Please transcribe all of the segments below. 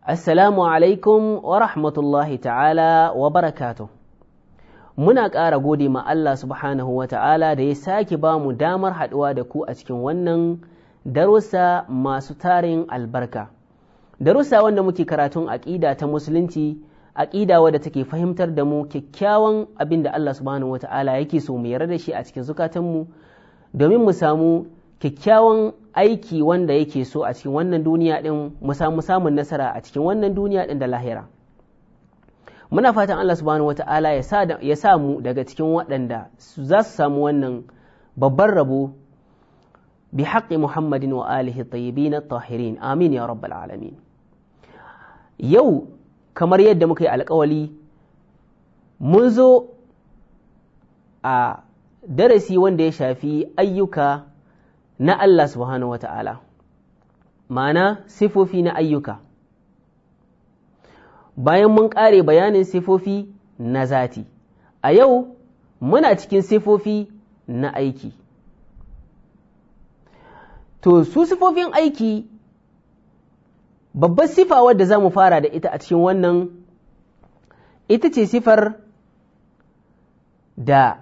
Assalamu alaikum wa rahmatullahi ta'ala wa barakatu. Muna ƙara gode ma Allah subhanahu wa ta'ala da ya sake ba mu damar haɗuwa da ku a cikin wannan darussa masu tarin albarka. Darussa wanda muke karatun aƙida ta musulunci, aƙida wadda take fahimtar da mu kyakkyawan abin da Allah subhanahu wa ta'ala yake so mu yarda da shi a cikin zukatanmu domin mu samu kyakkyawan aiki wanda yake so a cikin wannan duniya ɗin mu samun nasara a cikin wannan duniya ɗin da lahira muna fatan Allah subhanahu wata'ala ya sa mu daga cikin waɗanda za su samu wannan babban rabo bi haƙƙi muhammadin wa alihi na tahirin amin ya rabbal alamin yau kamar yadda muka yi alƙawali mun zo a darasi wanda ya shafi ayyuka na Allah subhanahu wata'ala ma'ana sifofi na ayyuka bayan mun ƙare bayanin sifofi na zati a yau muna cikin sifofi na aiki to su sifofin aiki babbar sifa wadda za mu fara da ita a cikin wannan ita ce sifar da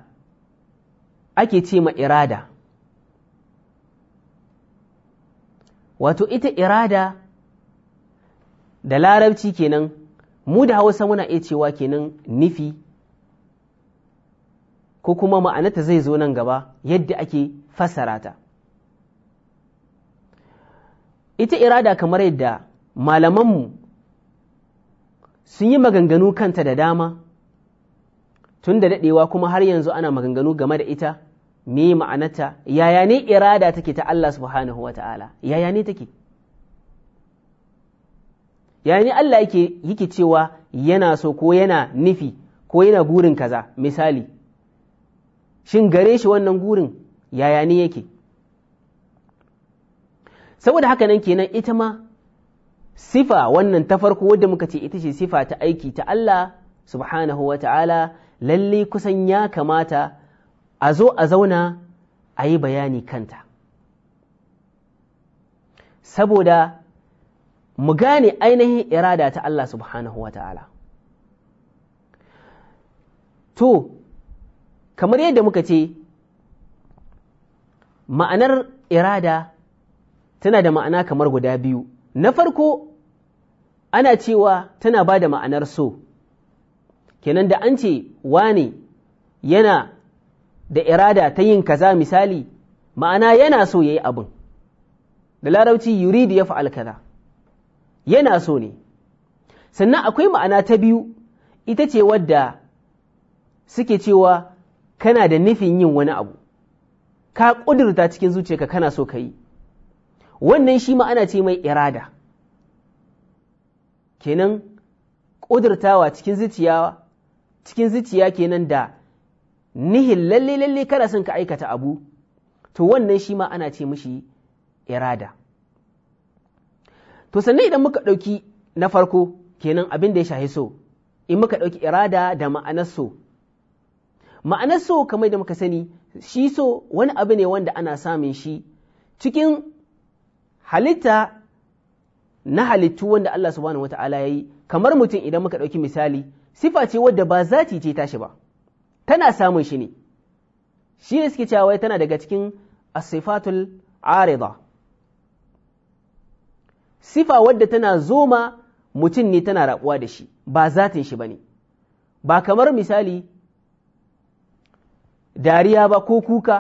ake ce ma irada wato ita irada da larabci kenan mu da hausa muna iya cewa kenan nufi ko kuma ma'anata zai zo nan gaba yadda ake fassara ta ita irada kamar yadda malamanmu sun yi maganganu kanta da dama tun da daɗewa kuma har yanzu ana maganganu game da ita me ma'anata yaya ne irada take ta Allah subhanahu wa ta'ala yaya ne take yaya ne Allah yake yake cewa yana so ko yana nufi ko yana gurin kaza misali shin gare shi wannan gurin yaya ne yake saboda haka nan kenan ita ma sifa wannan ta farko wadda muka ce ita ce sifa ta aiki ta Allah subhanahu wa ta'ala lalle kusan ya kamata a zo a zauna a yi bayani kanta saboda mu gane ainihin irada ta Allah subhanahu wa ta'ala to kamar yadda muka ce ma'anar irada tana da ma'ana kamar guda biyu na farko ana cewa tana ba da ma'anar so kenan da an ce wane yana da irada ta yin kaza misali ma'ana yana so ya yi abin da larabci yuridu ya fa'al kaza yana so ne sannan akwai ma'ana ta biyu ita ce wadda suke cewa kana da nufin yin wani abu ka ƙudurta cikin zuciyarka kana so ka yi wannan shi ma'ana ce mai irada kenan ƙudurtawa cikin zuciya cikin zuciya kenan da nihin lalle lalle kana son ka aikata abu to wannan shi ma ana ce mishi irada to sannan idan muka ɗauki na farko kenan abin da ya shahi so in muka ɗauki irada da ma'anar so ma'anar so kamar da muka sani shi so wani abu ne wanda ana samun shi cikin halitta na halittu wanda Allah subhanahu wata'ala ya yi kamar mutum idan muka ɗauki misali sifa ce wadda ba zati ce tashi ba tana samun shi ne shi ne suke cewa wai tana daga cikin asifatul arida sifa wadda tana zoma mutum ne tana rabuwa da shi ba zatin shi ba ne ba kamar misali dariya ba ko kuka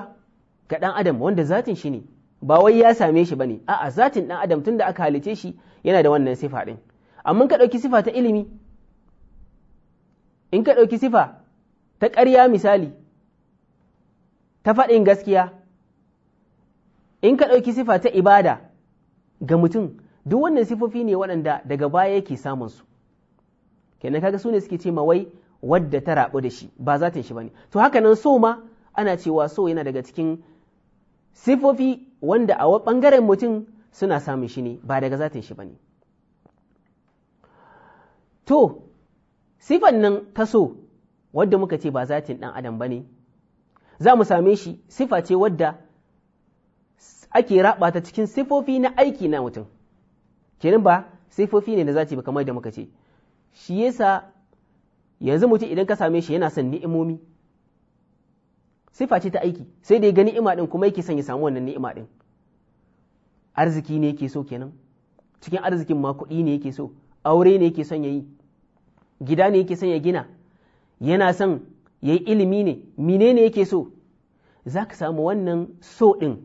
ga ɗan adam wanda zatin shi ne ba wai ya same shi ba ne a'a zatin ɗan adam tun da aka halice shi yana da wannan sifa ɗin amma ka ɗauki sifa ta ilimi in ka ɗauki sifa ta ƙarya misali ta faɗin gaskiya in ka ɗauki sifa ta ibada ga mutum duk wannan sifofi ne waɗanda daga baya yake samun su kenan kaga su ne suke ce wai wadda ta rabu da shi ba ta shi ba ne? to haka nan so ma ana cewa so yana daga cikin sifofi wanda a ɓangaren mutum suna samun shi ne ba daga ta shi ba ne? to sifan nan ta so wadda muka ce ba zatin ɗan adam ba ne za mu same shi sifa ce wadda ake raba ta cikin sifofi na aiki na mutum kenan ba sifofi ne na zaci ba kamar da muka ce shi yasa yanzu mutum idan ka same shi yana son ni'imomi sifa ce ta aiki sai dai ga ni'ima din kuma yake son ya samu wannan ni'ima din arziki ne yake so kenan cikin arzikin ma kuɗi ne yake so aure ne yake son ya yi gida ne yake son ya gina yana son ya yi ilimi ne menene yake so za ka samu wannan so ɗin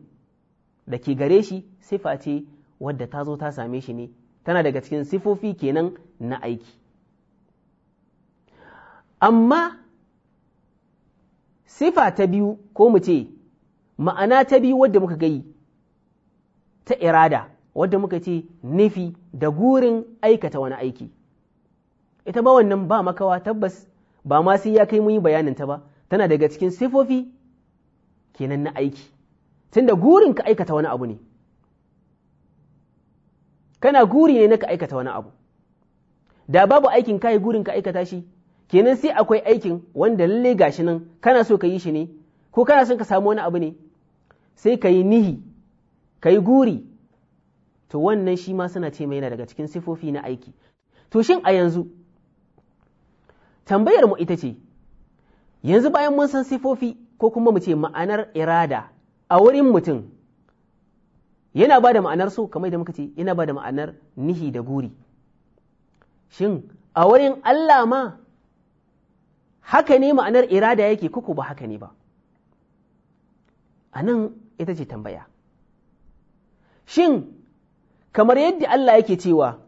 da ke gare shi sifa ce wadda ta zo ta same shi ne tana daga cikin sifofi kenan na aiki amma sifa ta biyu ko mu ce ma'ana ta biyu wadda muka gai ta irada wadda muka ce nufi da gurin aikata wani aiki ita ba wannan ba makawa tabbas ba ma sai ya kai mun yi bayanin ta ba tana daga cikin sifofi kenan na aiki tunda gurin ka aikata wani abu ne kana guri ne na ka aikata wani abu da babu aikin kai gurin ka aikata shi kenan sai akwai aikin wanda lalle gashi nan kana so ka yi shi ne ko kana son ka samu wani abu ne sai ka yi nihi ka yi guri to wannan shi ma suna ce mai yana daga cikin sifofi na aiki to shin a yanzu tambayar mu ita ce yanzu bayan mun san sifofi ko kuma mu ce ma'anar irada a wurin mutum yana ba da ma'anar so kamar da muka ce yana ba da ma'anar nihi da guri shin a wurin Allah ma haka ne ma'anar irada yake kuku ba haka ne ba a nan ita ce tambaya shin kamar yadda Allah yake cewa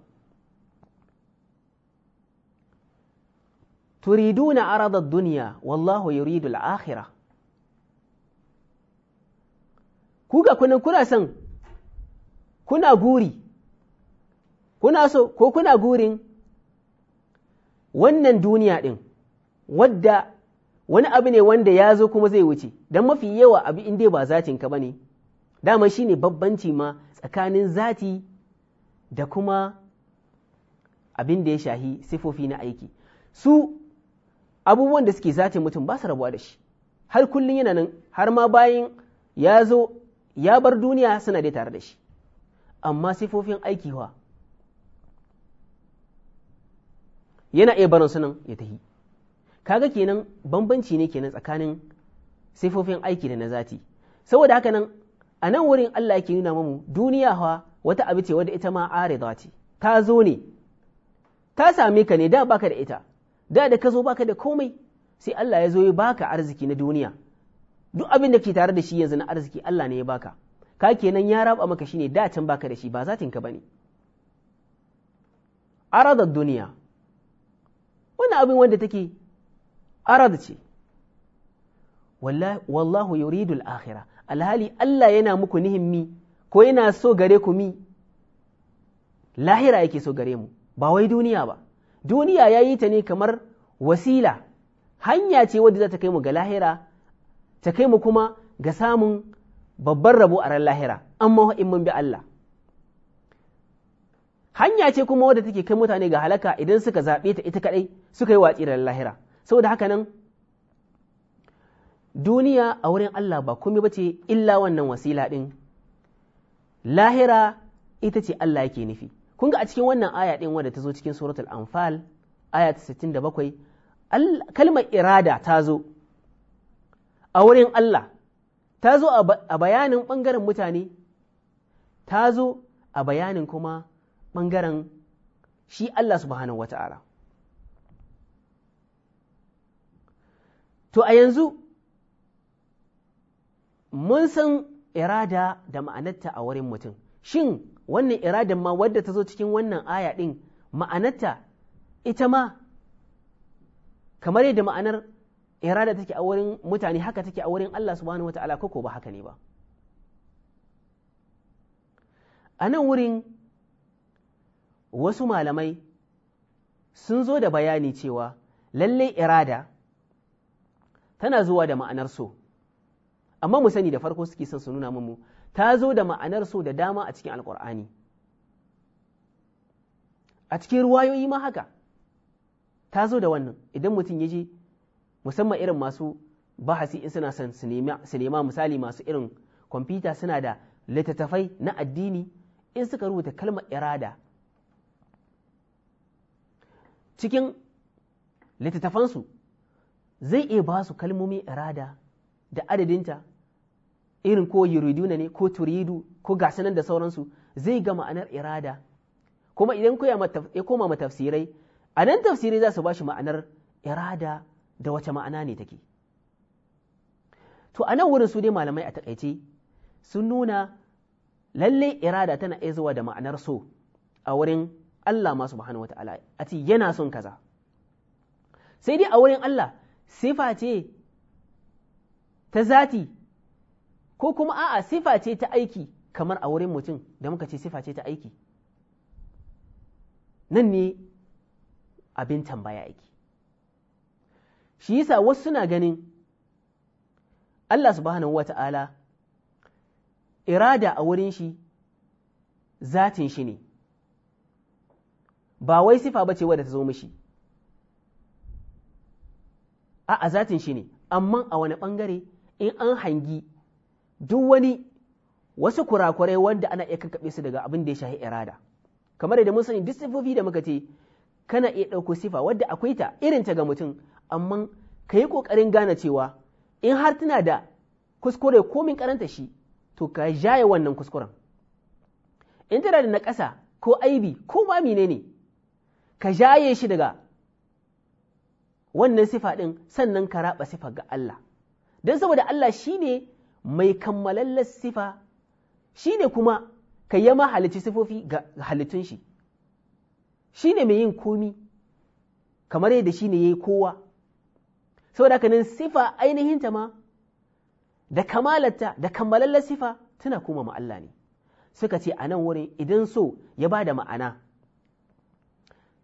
turiduna aradar duniya wallahu yuridul akhira akhirah ku ga kunan kuna son kuna guri kuna so ko kuna gurin wannan duniya ɗin wadda wani abu ne wanda ya zo kuma zai wuce don mafi yawa abu in da ba zatinka ba ne dama shi ne babbanci ma tsakanin zati da kuma abin da ya shahi sifofi na aiki su abubuwan da suke zace mutum ba su rabuwa da shi har kullum yana nan har ma bayan ya zo ya bar duniya suna dai tare da shi amma sifofin aikiwa yana iya barin sunan ya tahi kaga kenan bambanci ne kenan tsakanin sifofin aiki da na zati saboda haka nan a nan wurin Allah yake nuna mamu duniya fa wata abu ce wadda ita ma are ce ta zo ne ta same ka ne da baka da ita da da ka zo baka da komai sai Allah ya zo ya baka arziki na duniya duk abin da ke tare da shi yanzu na arziki Allah ne ya baka ka kenan ya raba maka shine da can baka da shi ba zatin ka bane aradar duniya wannan abin wanda take arad ce wallahu yuridu al-akhirah alhali Allah yana muku nihimmi ko yana so gare ku mi lahira yake so gare mu ba wai duniya ba duniya ya yi ta ne kamar wasila hanya ce wadda za ta kai mu ga lahira ta kai mu kuma ga samun babban rabo a ran lahira amma in mun bi Allah hanya ce kuma wadda take kai mutane ga halaka idan suka zaɓe ta ita kaɗai suka yi watsi da lahira saboda haka nan duniya a wurin Allah ba komai bace illa wannan wasila ɗin lahira ita ce Allah yake nufi kun ga a cikin wannan aya ɗin wadda ta zo cikin suratul anfal aya ta sittin da bakwai kalmar irada ta zo a wurin Allah ta zo a bayanin ɓangaren mutane ta zo a bayanin kuma ɓangaren shi Allah subhanahu wata'ala to a yanzu mun san irada da ma'anarta a wurin mutum shin wannan iradin ma wadda ta zo cikin wannan aya ɗin ma'anarta ita ma kamar yadda ma'anar irada take a wurin mutane haka take a wurin Allah subhanahu wa ta'ala ko ba haka ne ba a nan wurin wasu malamai sun zo da bayani cewa lallai irada tana zuwa da ma'anar so amma mu sani da farko suke son su nuna mu ta zo da ma'anar so da dama a cikin alkur'ani a cikin ruwayoyi ma haka ta zo da wannan idan mutum ya je musamman irin masu bahasi in suna son su nema misali masu irin kwamfuta suna da littattafai na addini in suka rubuta kalmar irada cikin littattafansu zai iya ba su kalmomi irada da adadinta irin ko yuriduna ne ko turidu ko gasanan da sauransu zai ga ma'anar irada kuma idan ya koma matafsirai a nan tafsirai za su ba shi ma'anar irada da wace ma'ana ne take to a nan wurin su dai malamai a takaice sun nuna lalle irada tana iya zuwa da ma'anar so a wurin Allah masu subhanahu wata ta'ala a yana son kaza sai dai a wurin Allah sifa ce ta zati ko kuma a'a sifa ce ta aiki kamar a wurin mutum da muka ce sifa ce ta aiki nan ne abin tambaya aiki shi yasa wasu suna ganin Allah subhanahu wa ta'ala irada a wurin shi zatin shi ne ba wai sifa ba ce wadda ta zo mishi a a zatin shi ne amma a wani ɓangare in an hangi duk wani wasu kurakurai wanda ana iya kakkaɓe su daga abin da ya shahi irada kamar da mun sani duk sifofi da muka ce kana iya ɗauko sifa wadda akwai ta irin ta ga mutum amma ka yi ƙoƙarin gane cewa in har tana da kuskure ko min karanta shi to ka jaye wannan kuskuren in tana da naƙasa ko aibi ko ma menene ka jaye shi daga wannan sifa ɗin sannan ka raɓa sifa ga Allah don saboda Allah shi ne mai kammalallar sifa shi ne kuma ka ma halitti sifofi ga halittun shi shi ne mai yin komi kamar yadda shi ne ya yi kowa saboda kanin sifa ainihinta ma da kamalarta da kammalallar sifa tana kuma ma Allah ne suka ce a nan wurin idan so ya ba da ma'ana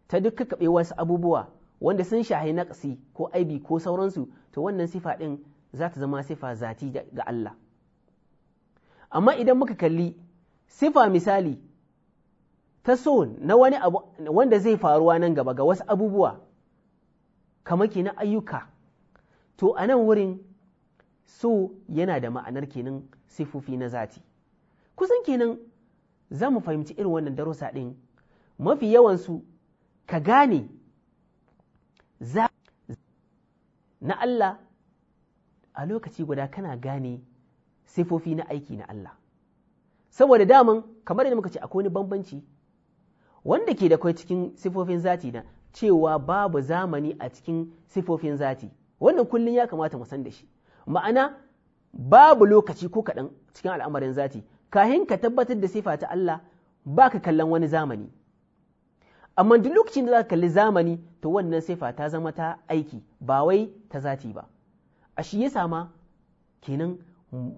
ta duk kaɓe wasu abubuwa wanda sun shahi naƙasi ko aibi ko sauransu to wannan sifa ɗin za ta zama sifa zati ga Allah amma idan muka kalli sifa misali ta so na wani abu wanda zai faruwa nan gaba ga wasu abubuwa kamar ke na ayyuka to a nan wurin so yana da ma'anar kenan sifofi na zati kusan kenan za mu fahimci irin wannan darussa ɗin mafi yawansu ka gane za na Allah a lokaci guda kana gane sifofi na aiki na Allah saboda daman kamar yadda muka ce akwai wani bambanci wanda ke da kai cikin sifofin zati na cewa babu zamani a cikin sifofin zati wannan kullum ya kamata mu san da shi ma'ana babu lokaci ko kaɗan cikin al'amarin zati kahin ka tabbatar da sifa ta Allah ba ka kallon wani zamani amma duk lokacin da za ka kalli zamani to wannan sifa ta zama ta aiki ba wai ta zati ba a shi ya sama kenan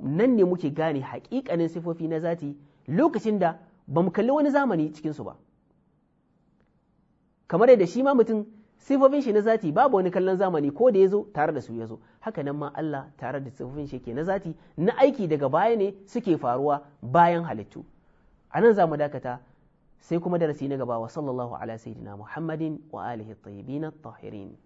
nan ne muke gane haƙiƙanin sifofi na zati lokacin da ba mu kalli wani zamani cikinsu ba kamar yadda shi ma mutum sifofin shi na zati babu wani kallon zamani ko da ya zo tare da su ya zo haka nan ma Allah tare da sifofin shi ke na zati na aiki daga baya ne suke faruwa bayan halittu a nan za mu dakata sai kuma darasi na gaba wa sallallahu ala sayyidina muhammadin wa alihi tayyibin tahirin